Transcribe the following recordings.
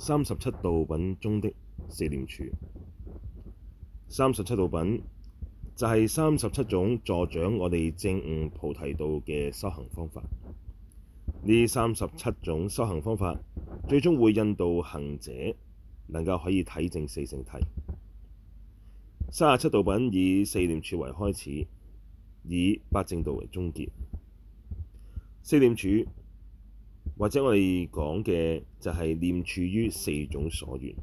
三十七道品中的四念處。三十七道品就係三十七種助長我哋正悟菩提道嘅修行方法。呢三十七種修行方法，最終會引導行者能夠可以體證四聖諦。三十七道品以四念處為開始，以八正道為終結。四念處。或者我哋講嘅就係念處於四種所緣，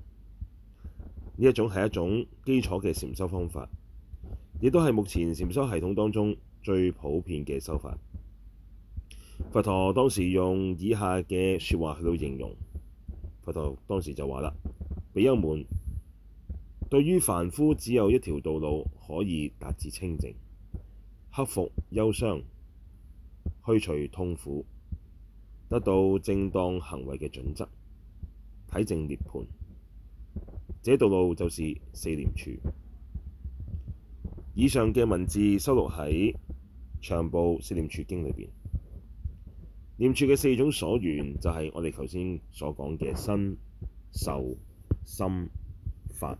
呢一種係一種基礎嘅禪修方法，亦都係目前禪修系統當中最普遍嘅修法。佛陀當時用以下嘅說話去到形容，佛陀當時就話啦：比丘們，對於凡夫只有一條道路可以達至清淨，克服憂傷，去除痛苦。得到正當行為嘅準則，體證涅槃。這道路就是四念處。以上嘅文字收錄喺《長部四念處經》裏邊。念處嘅四種所緣就係我哋頭先所講嘅身、受、心、法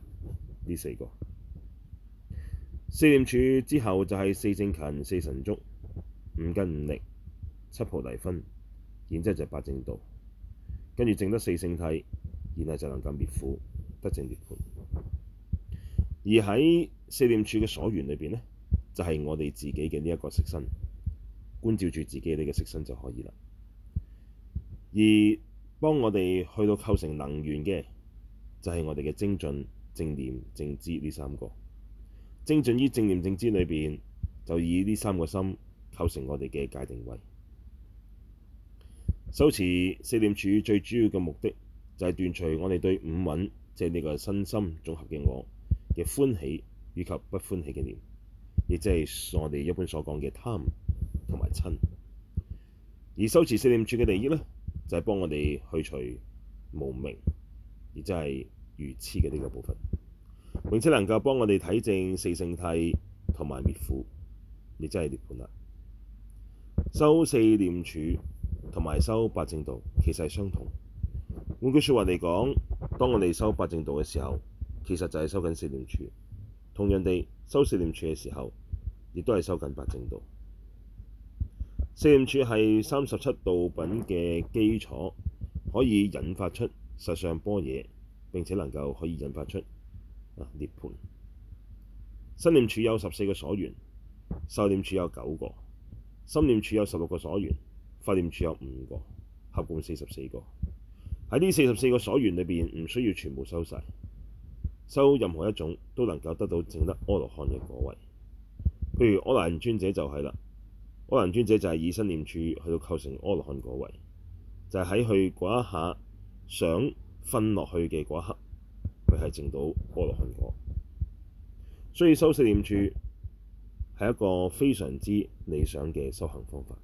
呢四個。四念處之後就係四正勤、四神足、五根、五力、七菩提分。然之後就八正道，跟住正得四聖諦，然後就能夠滅苦得正涅槃。而喺四念處嘅所緣裏邊呢就係、是、我哋自己嘅呢一個色身，觀照住自己呢個色身就可以喇。而幫我哋去到構成能緣嘅就係、是、我哋嘅精進、正念、正知呢三個精進於正念正知裏邊，就以呢三個心構成我哋嘅界定位。修持四念處最主要嘅目的就係、是、斷除我哋對五蘊即係呢個身心綜合嘅我嘅歡喜以及不歡喜嘅念，亦即係我哋一般所講嘅貪同埋瞋。而修持四念處嘅利益呢，就係、是、幫我哋去除無明，亦即係愚痴嘅呢個部分，並且能夠幫我哋體證四聖諦同埋滅苦。亦即係涅槃啦！修四念處同埋修八正道，其實係相同。換句説話嚟講，當我哋修八正道嘅時候，其實就係修緊四念處。同樣地，修四念處嘅時候，亦都係修緊八正道。四念處係三十七道品嘅基礎，可以引發出實上般若，並且能夠可以引發出涅槃。啊、涅槃。身念處有十四個所緣，受念處有九個，心念處有十六個所緣。法念處有五個，合共四十四個。喺呢四十四個所緣裏邊，唔需要全部收晒。收任何一種都能夠得到證得阿羅漢嘅果位。譬如阿難尊者就係啦，阿難尊者就係以身念處去到構成阿羅漢果位，就係喺佢嗰一下想瞓落去嘅嗰一刻，佢係證到阿羅漢果。所以修四念處係一個非常之理想嘅修行方法。